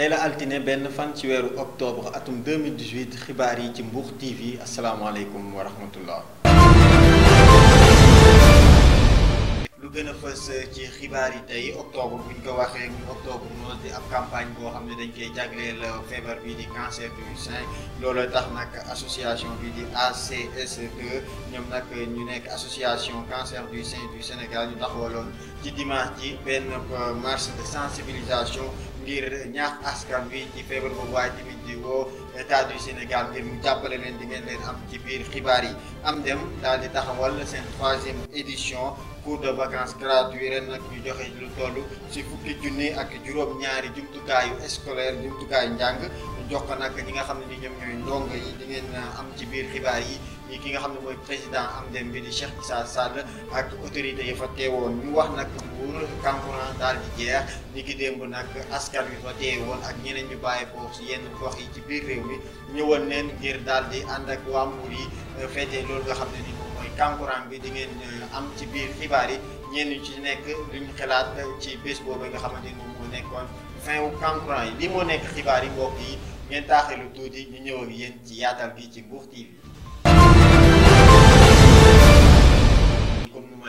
tey la altine benn fan ci wéru octobre atum 2018 xibaar yi ci Mbour TV asalaamaaleykum wa rahmatullah lu gëna fess ci xibaar yi octobre buñ ko waxé ñu octobre mo di ab campagne pour xam dañ koy jagleel feebar bii di cancer du sein Nous tax nak association bi di ACS2 ñoom nag ñu nek association cancer du sein du Sénégal ñu taxawaloon ci dimanche ci ben marche de sensibilisation. ngir ñaax askan bi ci feebar boobu waaye tamit di woo état du Sénégal ngir mu jàppale leen di ngeen leen am ci biir xibaar yi am dem daal di taxawal seen troisième édition cours de vacances gratuit ren nag ñu joxe lu toll ci fukki junni ak juróom-ñaari jumtukaayu scolaire jumtukaayu njàng. jox ko nag ñi nga xam ne ni ñoom ñooy ndongo yi di ngeen am ci biir xibaar yi ñi ki nga xam ne mooy président am dem bi di Cheikh Issa Sall ak autorité yi fa teewoon ñu wax nag mbuur campement daal di jeex ñi ki démb nag askan wi fa teewoon ak ñeneen ñu bàyyi ko si yenn gox yi ci biir réew mi ñëwoon neen ngir daal di ànd ak waa mbuur yi feetee loolu nga xam ne ni moom mooy kankurang bi di am ci biir xibaar yi ñenn ci nekk luñ xalaat ci bés boobu nga xamante ni moom nekkoon fin yi li moo nekk xibaar yi mbokk yi ngeen taaxee lu tuuti ñu ñëw ak yéen ci yaatal bi ci Mbour TV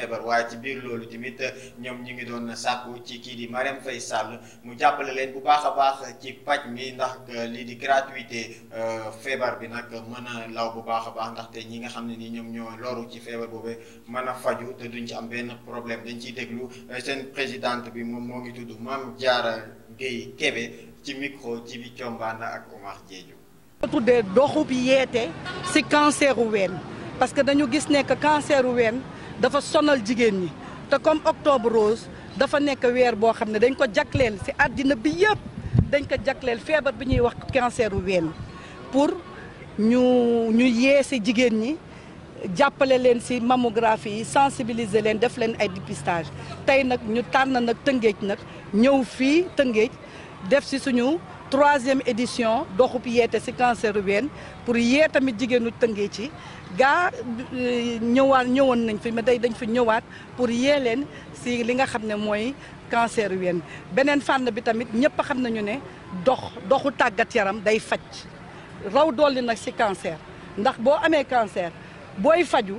feebar waaye ci biir loolu tamit ñoom ñu ngi doon sàkku ci kii di Marème Faye Sall mu jàppale leen bu baax a baax ci paj mi ndax euh, lii di gratuité euh, feebar bi nag mën a law bu baax a baax ndaxte ñi nga xam ne ni ñoom ñoo loru ci feebar boobu mën a faju te duñ ci am benn problème dañ ciy déglu euh, seen présidente bi moom moo ngi tudd Mame Diarra Gueye Kébé ci micro ci bi combaan ak Omar Diédhiou. bu tuddee doxub yeete si cancer ween parce que dañu gis ne cancer ween dafa sonal jigéen ñi te comme octobre rose dafa nekk weer boo xam ne dañ ko jagleel si àddina bi yëpp dañ ko jagleel feebar bi ñuy wax cancer u ween pour ñu ñu yee ci jigéen ñi jàppale leen si mammographie yi sensibiliser leen def leen ay dépistage tey nag ñu tànn nag tëngéej nag ñëw fii tëngéej def ci suñu troisième édition doxub yeete si cancérubeen pour yee tamit jigéenu tëngee ci gaa euh, ñëwaat ñëwoon nañ fi mais tey dañ fi ñëwaat pour yee leen si li nga xam ne mooy cancérubeen beneen fànn bi tamit ñëpp xam nañu ne dox doxu tagat yaram day faj raw dolli nag si cancer ndax bo amé cancer booy faju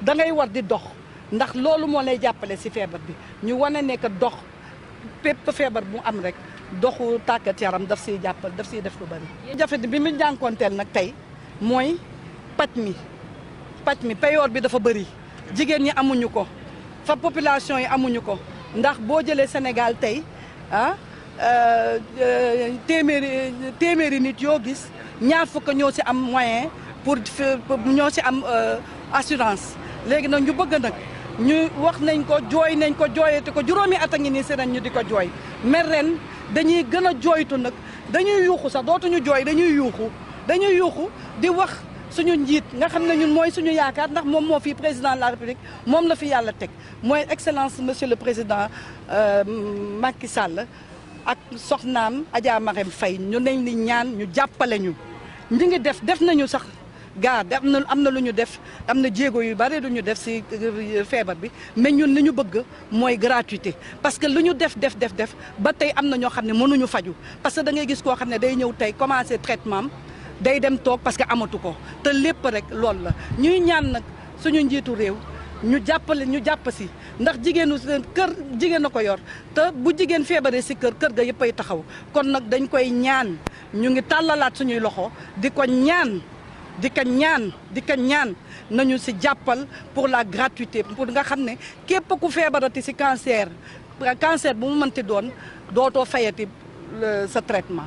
da ngay war di dox ndax loolu mo lay jàppale si fièvre. bi ñu wane ne que dox pépp feebar bu am rek doxu tàggat yaram daf siy jàppal daf siy def lu bari. jafe bi mu jànkoonteel nag tey mooy paj mi paj mi payoor bi dafa bëri jigéen ñi amuñu ko fa population yi amuñu ko ndax boo jëlee Sénégal tey ah euh, euh, téeméeri téeméeri nit yoo gis ñaar fukk ñoo si am moyen pour ñoo ci am euh, assurance léegi nag ñu bëgg nag ñu wax nañ ko jooy nañ ko jooyate ko juróomi at a ngi nii si ren ñu di ko jooy mer ren. dañuy gën a jooytu nag dañuy yuuxu sax dootuñu jooy dañuy yuuxu dañuy yuuxu di wax suñu njiit nga xam ne ñun mooy suñu yaakaar ndax moom moo fi président de la république moom la fi yàlla teg mooy excellence monsieur le président euh, Macky sàll ak soxnaam Adja Marème Faye ñu nañ ni ñaan ñu jàppale ñu ñi ngi def def nañu sax gaa da am na am na lu ñu def am na jéego yu bare lu ñu def si euh, feebar bi mais ñun li ñu bëgg mooy gratuité parce que lu ñu def def def def ba tey am na ñoo xam ne mënuñu faju parce que da ngay gis koo xam ne day ñëw tey commencé traitement day dem toog parce que amatu ko te lépp rek loolu la ñuy ñaan nag suñu njiitu réew ñu jàppale ñu jàpp si ndax jigéenu kër jigéen a ko yor te bu jigéen feebaree si kër kër ga yëpp ay taxaw kon nag dañ koy ñaan ñu ngi tàllalaat suñuy loxo di ko ñaan di ka ñaan di ka ñaan nañu si jàppal pour la gratuité pour nga xam ne képp ku feebarati si cancer cancer bu mu mënti doon dootoo fayati euh, sa traitement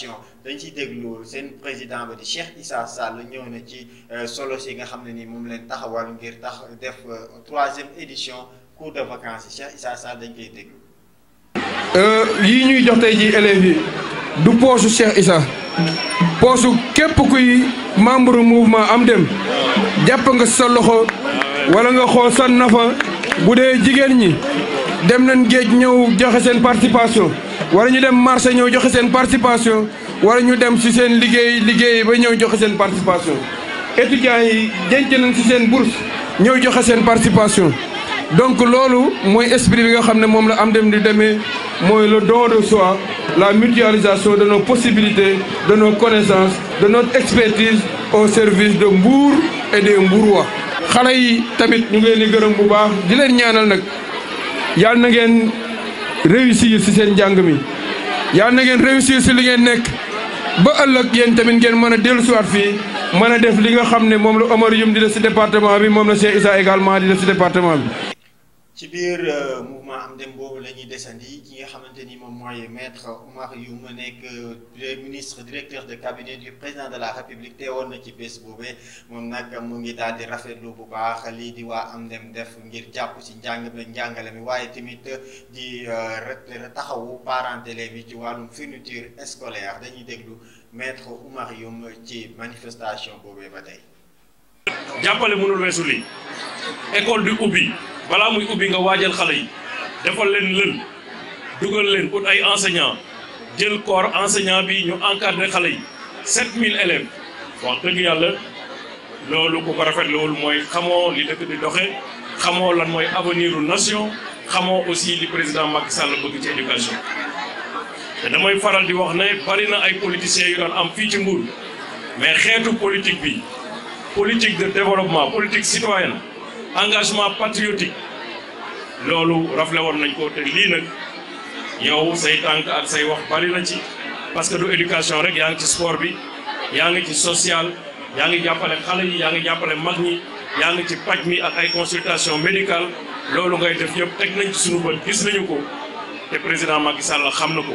éducation dañ ciy déglu président ba di Cheikh Sall na euh, solo nga leen taxawal ngir tax euh, troisième édition cours de vacances Cheikh Sall euh, ñuy jox ji du Cheikh membre mouvement am dem nga wala nga nafa ñi dem nañ participation. wala ñu dem marché ñëw joxe seen participation wala ñu dem si seen liggéey liggéey ba ñëw joxe seen participation étudiants yi denc nañ si seen bourse ñëw joxe seen participation donc loolu mooy esprit bi nga xam ne moom la am dem di demee mooy le don de soi la mutualisation de nos possibilités de nos connaissances de notre expertise au service de Mbour et des Mbourois xale yi tamit ñu ngi leen gërëm bu baax di leen ñaanal nag yàlla na réussir si seen njàng mi yal na ngeen réussir si li ngeen nekk ba ëllëg yéen tamit ngeen mën a dellusiwaat fii mën a def li nga xam ne moom la Omar Youm di def ci département bi moom la Cheikh Issa également di def ci département bi ci biir euh, mouvement am dem boobu la ñuy desandi ki nga xamante ni moom mooy maître Oumar Youm nekk euh, ministre directeur de cabinet du président de la république woon na ci bés boobee moom nag mu ngi daal di rafetlu bu baax lii di waa am dem def ngir jàpp ci njàng bi njàngale mi waaye tamit di euh, taxawu parents d'élèves yi ci wàllum fourniture scolaire dañuy déglu maître Oumar Youm ci manifestation boobee ba tey. jàppale mënul weesu lii école bi ubbi. balaa muy ubbi nga waajal xale yi defal leen lën dugal leen ut ay enseignant jël corps enseignant bi ñu encadré xale yi 7000 élèves wax dëgg yàlla loolu ku ko rafet loolu mooy xamoo li dëkk di doxe xamoo lan mooy avenir u nation xamoo aussi li président Macky Sall bëgg ci éducation te damay faral di wax ne bari na ay politiciens yu doon am fii ci Mbour mais xeetu politique bi politique de développement politique citoyenne engagement patriotique loolu rafle woon nañ ko te lii nag yow say tànk ak say wax bari na ci parce que du éducation rek yaa ngi ci sport bi yaa ngi ci social yaa ngi jàppale xale yi yaa ngi jàppale mag ñi yaa ngi ci paj mi ak ay consultation médicale loolu ngay def yëpp teg nañ ci suñu bët gis nañu ko te président Macky Sall xam na ko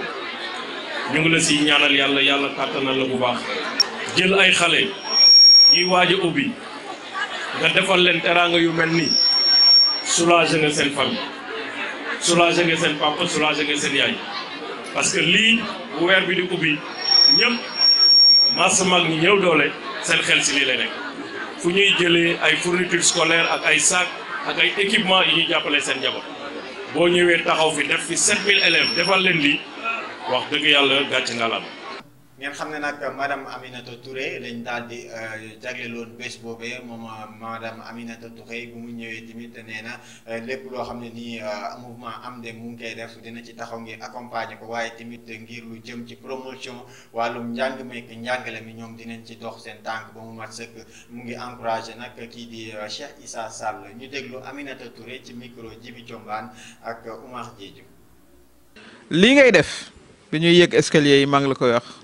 ñu ngi la si ñaanal yàlla yàlla kàttanal la bu baax jël ay xale ñuy waaj ubbi nga defal leen teraanga yu mel nii soulager nga seen famille soulager nga seen papa soulager nga seen yaay parce que lii bu weer bi di ubbi ñëpp masse mag ñi ñëw doole seen xel si lii lay nekk fu ñuy jëlee ay fourniture scolaire ak ay sac ak ay équipement yi ñuy jàppale seen njaboot boo ñëwee taxaw fi def fi 7000 élèves defal leen lii wax dëgg yàlla gàcc nga la ngeen xam ne nag madame Aminata Touré lañ daal di euh, jagleloon bés boobee moom euh, madame Aminata Touré bu mu ñëwee tamit nee na euh, lépp loo xam ne nii mouvement AMDE mu ngi koy def dina ci taxaw ngir accompagner ko waaye tamit ngir lu jëm ci promotion wàllum njàng meek njàngale mi ñoom dina ci dox seen tànk ba mu mat sëkk mu ngi encouragé nag kii di Cheikh Issa Sall ñu déglu Aminata Touré ci micro Jibi Combaan ak Oumar Diédhiou. lii ngay def bi ñuy yëg escalier yi maa la koy wax.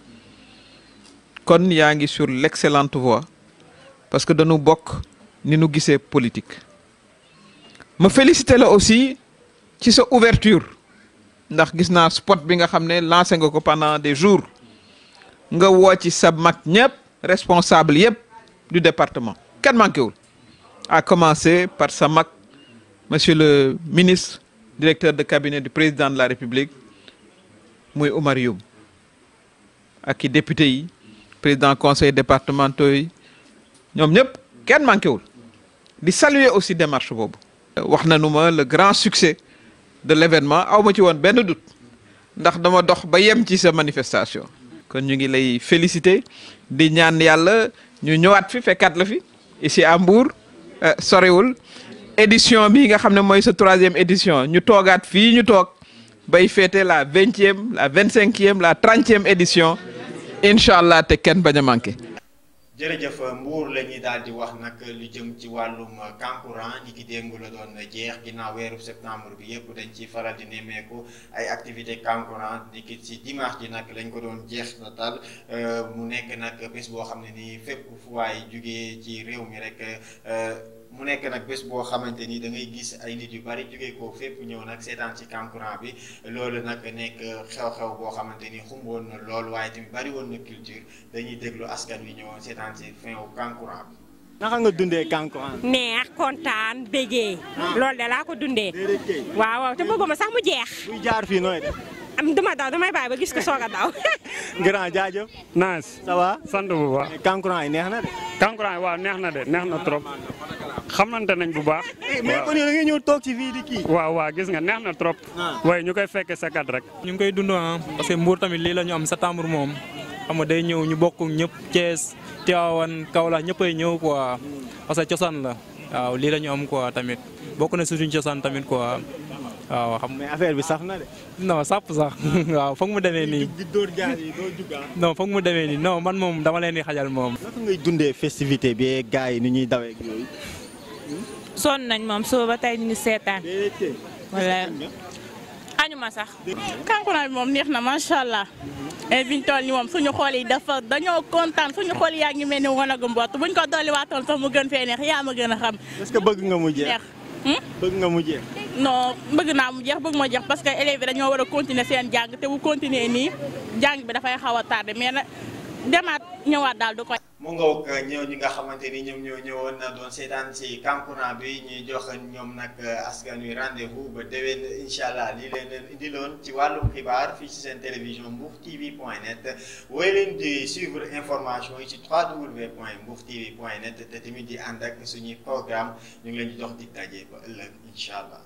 kon yaangi sur l'excellente voie parce que dañu bokk ni nu gissé politique me féliciter la aussi ci sa ouverture ndax gisna spot bi nga xamné lancé nga ko pendant des jours nga wo ci sa mak ñep responsable yep du département Quel manque wul à commencer par sa monsieur le ministre directeur de cabinet du président de la république muy Oumar Youm ak député yi président conseil Départemental, nous ñoom kenn manqué wul di saluer aussi démarche Bob, wax na le grand succès de l'événement. événement aw ma ci woon doute ndax dama dox ba yem ci sa manifestation. kon ñu ngi lay féliciter di ñaan yàlla ñu ñëwaat fi fekkaat la fi ici à Mbour euh, soriwul édition bi nga xam ne mooy sa troisième édition ñu toogaat fii ñu toog bay fêter la 20e, la 25e, la 30e édition. incha allah te kenn bañ a manqué. jërëjëf Mbour la ñuy daal di wax nag lu jëm ci wàllum Kankourang ñi ki la doon jeex ginnaaw weeru septembre bi yëpp dañ ciy faral di nemmeeku ay activité Kankourang ni ki ci dimanche ji nag lañ ko doon jeex na daal euh, mu nekk nag bés boo xam ne nii fépp fu waay jugee ci réew mi rek. Euh, mu nekk nag bés boo xamante ni da ngay gis ay nit yu bari jóge ko fépp ñëw nag seetaan ci Camcourant bi loolu nag nekk xew-xew boo xamante ni xumboon na lool waaye tamit bari woon na culture dañuy déglu askan wi ñëwoon seetaan ci fin wu Camcourant bi. nga dundee Camcourant. neex kontaan bégee. Ah. loolu de ko dundee. waaw waaw te bëgguma sax mu jeex. muy jaar gis ko soog a daw. grand jaajëf. nice ça yi neex na de. Camcourant yi waaw neex na de neex na trop. xamante nañ bu baax. Eh, mais kon yow da ngay ñëw toog ci fii di kii. waaw waaw gis nga neex na trop. Ah. waaye ñu koy fekke sa kat rek. ñu ngi koy dund ah parce que tamit lii la ñu am septembre moom xam nga day ñëw ñu bokk ñëpp Thiès Tivaouane Kaolack ñëppay ñëw quoi parce que cosaan la waaw lii la am quoi tamit bokk na suñu cosaan tamit quoi. waaw xam mais affaire bi sax na de. non foog mu demee nii. di dóor jaar ah. foog mu demee nii non man moom dama leen di xajal moom. naka ngay dundee festivité bi gars yi ni ñuy dawee yooyu. sonn nañ moom soo ba tey ñu seetaan wala ma sax kankurang bi moom neex na macha allah et eh, biñ toll ni moom suñu xool yi dafa dañoo kontaan suñu xool yaa ngi mel ni wanagu mbott buñ ko dolli waatoon sax mu gën fee neex yaa ma gën a xam est que bëgg nga mu jeex hmm? bëgg nga mu jeex non bëgg naa mu jeex bëgg ma jeex parce que élèves dañoo war a continuer seen jàng te bu continuer nii jàng bi dafay xaw a tardé mais nag demaat ñëwaat daal du ko. mu nga wokk ñëw ñi nga xamante ni ñoom ñoo ñëwoon na doon seetaan ci campement bi ñuy jox ñoom nag askan wi rendez-vous ba déwén incha allah li leen leen loon ci wàllum xibaar fii ci seen télévision mbour tv point net wooy leen di suivre information yi ci www point mbour tv point net te tamit di ànd ak suñuy programme ñu ngi leen di jox ba ëllëg incha allah.